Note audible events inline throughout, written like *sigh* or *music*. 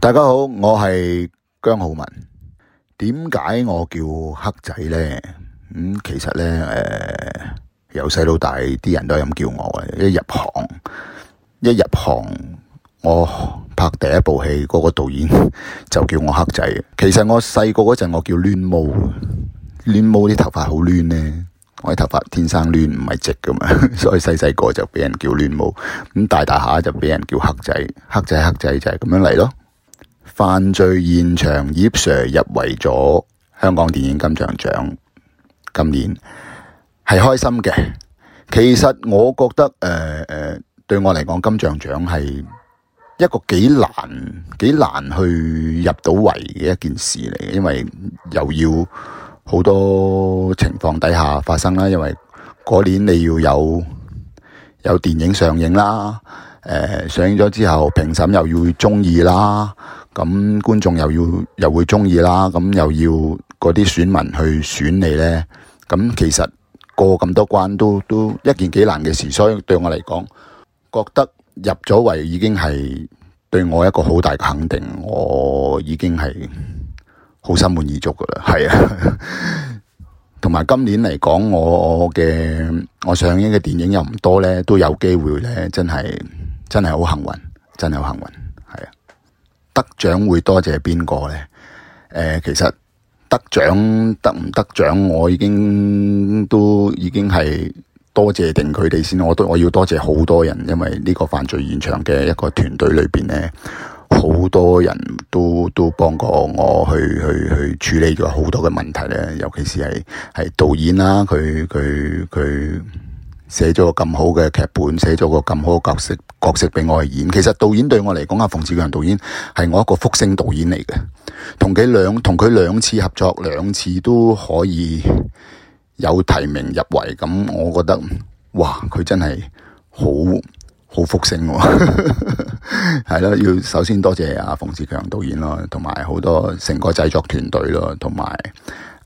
大家好，我係姜浩文。點解我叫黑仔呢？咁、嗯、其實呢，誒、呃，由細到大啲人都係咁叫我嘅。一入行，一入行，我拍第一部戲，嗰、那個導演就叫我黑仔。其實我細個嗰陣我叫攣毛，攣毛啲頭髮好攣呢，我啲頭髮天生攣，唔係直噶嘛，所以細細個就畀人叫攣毛。咁大大下就畀人叫黑仔，黑仔黑仔就係咁樣嚟咯。犯罪現場，葉 Sir 入圍咗香港電影金像獎。今年係開心嘅。其實我覺得誒誒、呃，對我嚟講，金像獎係一個幾難幾難去入到圍嘅一件事嚟嘅，因為又要好多情況底下發生啦。因為嗰年你要有有電影上映啦，誒、呃、上映咗之後評審又要中意啦。咁觀眾又要又會鍾意啦，咁又要嗰啲選民去選你咧，咁其實過咁多關都都一件幾難嘅事，所以對我嚟講，覺得入咗圍已經係對我一個好大嘅肯定，我已經係好心滿意足噶啦，係啊，同 *laughs* 埋今年嚟講，我嘅我上映嘅電影又唔多咧，都有機會咧，真係真係好幸運，真係好幸運。得獎會多謝邊個呢？呃，其實得獎得唔得獎，我已經都已經係多謝定佢哋先。我都我要多謝好多人，因為呢個犯罪現場嘅一個團隊裏邊呢，好多人都都幫過我去去去處理咗好多嘅問題呢。尤其是係係導演啦、啊，佢佢佢。寫咗個咁好嘅劇本，寫咗個咁好嘅角色角色俾我去演。其實導演對我嚟講啊，馮志強導演係我一個福星導演嚟嘅。同佢兩同佢兩次合作，兩次都可以有提名入圍。咁我覺得，哇，佢真係好好福星，啊。係 *laughs* 咯，要首先多謝阿馮志強導演咯，同埋好多成個製作團隊咯，同埋。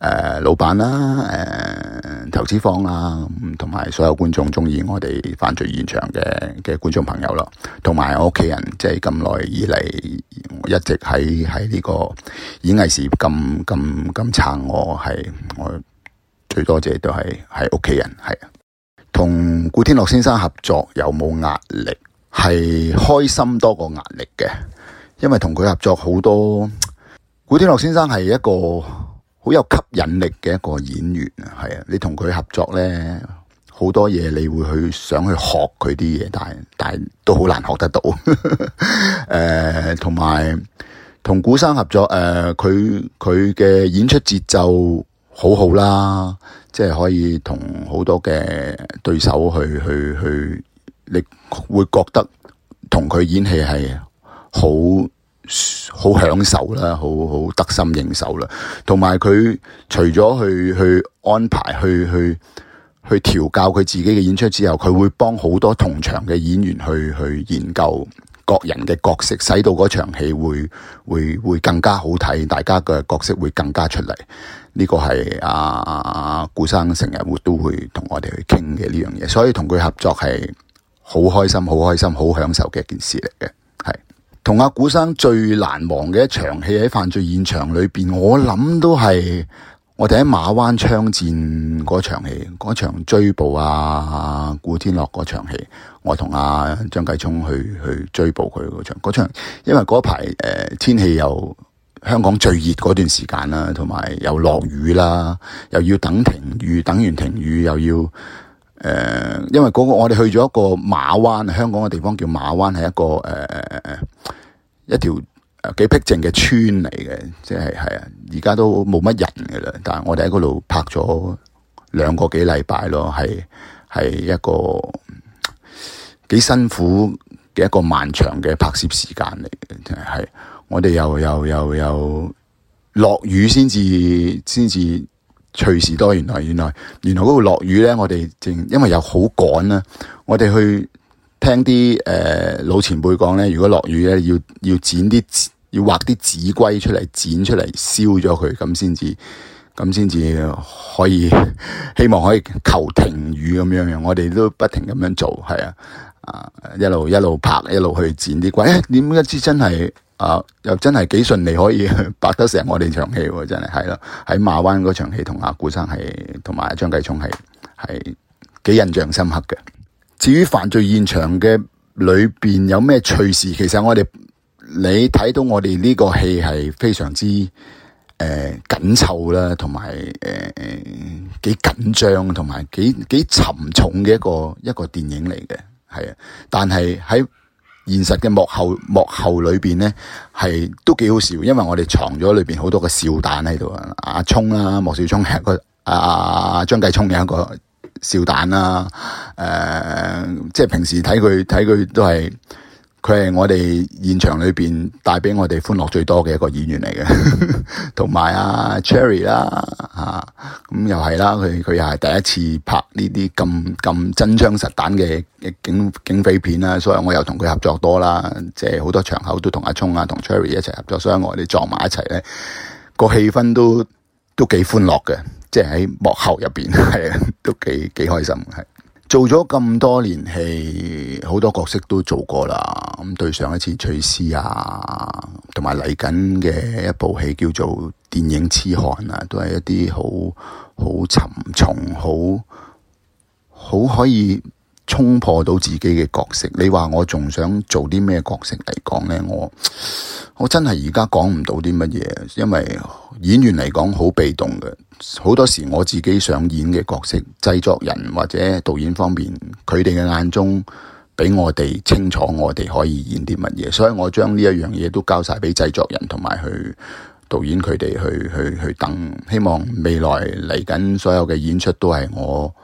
誒、呃、老闆啦，誒、呃、投資方啦，同、嗯、埋所有觀眾中意我哋《犯罪現場》嘅嘅觀眾朋友咯，同埋我屋企人，即係咁耐以嚟一直喺喺呢個演藝事業咁咁咁撐我，係我最多謝都係係屋企人，係。同古天樂先生合作有冇壓力？係開心多過壓力嘅，因為同佢合作好多。古天樂先生係一個。好有吸引力嘅一個演員啊，係啊，你同佢合作咧，好多嘢你會去想去學佢啲嘢，但係但係都好難學得到。誒、 *laughs* 呃，同埋同古生合作誒，佢佢嘅演出節奏好好啦，即係可以同好多嘅對手去去去，你會覺得同佢演戲係好。好享受啦，好好得心應手啦。同埋佢除咗去去安排，去去去調教佢自己嘅演出之後，佢會幫好多同場嘅演員去去研究各人嘅角色，使到嗰場戲會會會更加好睇，大家嘅角色會更加出嚟。呢、這個係阿阿顧生成日會都會同我哋去傾嘅呢樣嘢，所以同佢合作係好開心，好開心，好享受嘅一件事嚟嘅，係。同阿古生最難忘嘅一場戲喺犯罪現場裏邊，我諗都係我哋喺馬灣槍戰嗰場戲，嗰場追捕啊，古天樂嗰場戲，我同阿張繼聰去去追捕佢嗰場，嗰場因為嗰排誒天氣又香港最熱嗰段時間啦，同埋又落雨啦，又要等停雨，等完停雨又要。誒，因為嗰個我哋去咗一個馬灣，香港嘅地方叫馬灣，係一個誒誒誒一條幾僻靜嘅村嚟嘅，即係係啊，而家都冇乜人噶啦。但係我哋喺嗰度拍咗兩個幾禮拜咯，係係一個幾辛苦嘅一個漫長嘅拍攝時間嚟嘅，係我哋又又又又落雨先至先至。隨時多，原來原來原來嗰度落雨咧，我哋正因為又好趕啦，我哋去聽啲誒、呃、老前輩講咧，如果落雨咧，要要剪啲要畫啲紙龜出嚟，剪出嚟燒咗佢，咁先至，咁先至可以，希望可以求停雨咁樣樣，我哋都不停咁樣做，係啊，啊一路一路拍，一路去剪啲龜，點解知真係～啊，又真係幾順利，可以拍得成我哋場戲，真係係啦。喺馬灣嗰場戲，同阿古生係，同埋張繼聰係，係幾印象深刻嘅。至於犯罪現場嘅裏邊有咩趣事，其實我哋你睇到我哋呢個戲係非常之誒緊湊啦，同埋誒幾緊張，同埋幾幾沉重嘅一個一個電影嚟嘅，係啊。但係喺現實嘅幕後幕後裏邊呢，係都幾好笑，因為我哋藏咗裏邊好多個笑彈喺度啊！阿聰啊，莫少聰係一個阿、啊、張繼聰嘅一個笑彈啦、啊。誒、呃，即係平時睇佢睇佢都係。佢係我哋現場裏邊帶畀我哋歡樂最多嘅一個演員嚟嘅，。 *laughs* 同埋阿、啊、Cherry 啦，吓、啊、咁、啊、又係啦，佢佢又係第一次拍呢啲咁咁真槍實彈嘅警警匪片啦，所以我又同佢合作多啦，即係好多場口都同阿聰啊、同 Cherry 一齊合作，所以我哋撞埋一齊咧，個氣氛都都幾歡樂嘅，即係喺幕後入邊係都幾幾開心係。做咗咁多年戲，好多角色都做過啦。咁對上一次《翠絲》啊，同埋嚟緊嘅一部戲叫做《電影痴漢》啊，都係一啲好好沉重，好好可以。衝破到自己嘅角色，你話我仲想做啲咩角色嚟講呢？我我真係而家講唔到啲乜嘢，因為演員嚟講好被動嘅，好多時我自己想演嘅角色，製作人或者導演方面佢哋嘅眼中比我哋清楚我哋可以演啲乜嘢，所以我將呢一樣嘢都交晒畀製作人同埋去導演佢哋去去去等，希望未來嚟緊所有嘅演出都係我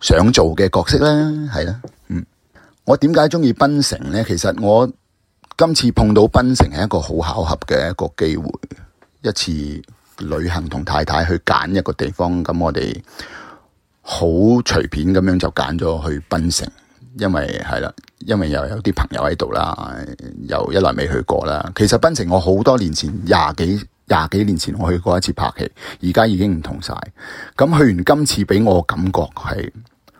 想做嘅角色咧，係啦，嗯，我點解鍾意檳城咧？其實我今次碰到檳城係一個好巧合嘅一個機會，一次旅行同太太去揀一個地方，咁我哋好隨便咁樣就揀咗去檳城，因為係啦，因為又有啲朋友喺度啦，又一來未去過啦。其實檳城我好多年前廿幾。廿幾年前我去過一次拍戲，而家已經唔同晒。咁去完今次畀我感覺係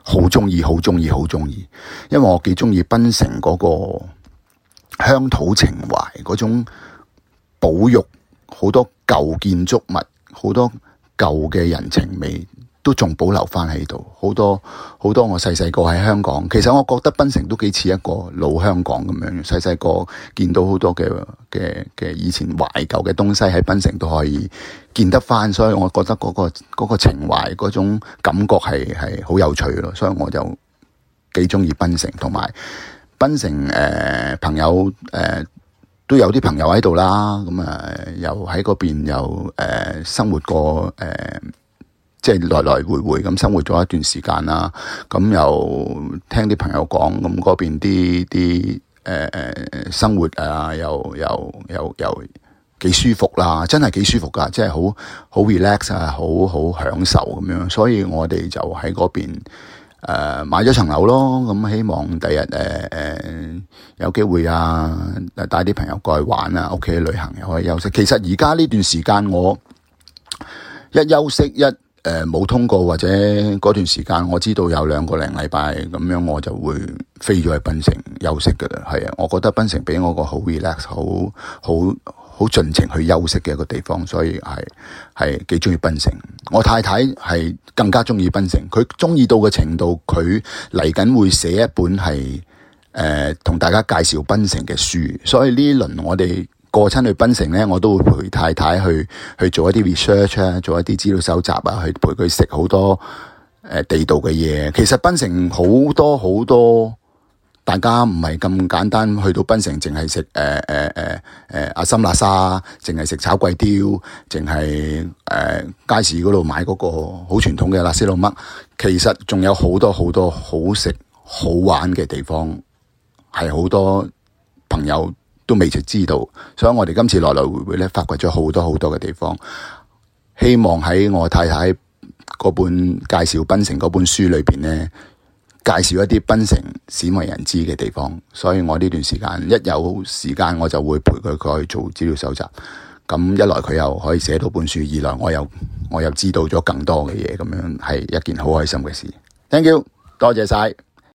好鍾意，好鍾意，好鍾意。因為我幾鍾意檳城嗰個鄉土情懷，嗰種保育好多舊建築物，好多舊嘅人情味。都仲保留翻喺度，好多好多我細細個喺香港，其實我覺得檳城都幾似一個老香港咁樣，細細個見到好多嘅嘅嘅以前懷舊嘅東西喺檳城都可以見得翻，所以我覺得嗰、嗰個嗰個情懷嗰種感覺係係好有趣咯，所以我就幾鍾意檳城，同埋檳城誒、呃、朋友誒、呃、都有啲朋友喺度啦，咁、嗯、啊、呃、又喺嗰邊又誒、呃、生活過誒。呃即係來來回回咁生活咗一段時間啦。咁又聽啲朋友講咁嗰邊啲啲誒誒生活啊，又又又又幾舒服啦，真係幾舒服㗎，即係好好 relax 啊，好好享受咁樣。所以我哋就喺嗰邊誒、呃、買咗層樓咯。咁希望第日誒誒有機會啊，帶啲朋友過去玩啊，屋企旅行又可以休息。其實而家呢段時間我一休息一。誒，冇、呃、通過或者嗰段時間，我知道有兩個零禮拜咁樣，我就會飛咗去檳城休息噶啦係啊，我覺得檳城畀我一個好 relax，好好好盡情去休息嘅一個地方，所以係係幾鍾意檳城。我太太係更加鍾意檳城，佢鍾意到嘅程度，佢嚟緊會寫一本係誒同大家介紹檳城嘅書，所以呢輪我哋。過親去檳城呢，我都會陪太太去去做一啲 research 啊，做一啲資料搜集啊，去陪佢食好多誒、呃、地道嘅嘢。其實檳城好多好多，大家唔係咁簡單去到檳城，淨係食誒誒誒誒阿森辣沙，淨係食炒粿條，淨係誒街市嗰度買嗰個好傳統嘅辣絲老乜。其實仲有好多，多，多好多好食好玩嘅地方，係好多朋友。都未識知，知道，所以我哋今次來來回回咧，發掘咗好多好多嘅地方。希望喺我太太嗰本介紹檳城嗰本書裏邊呢，介紹一啲檳城鮮為人知嘅地方。所以我呢段時間一有時間我就會陪佢過去做資料搜集。咁一來佢又可以寫到本書，二來我又我又知道咗更多嘅嘢，咁樣係一件好開心嘅事。Thank you，多謝晒。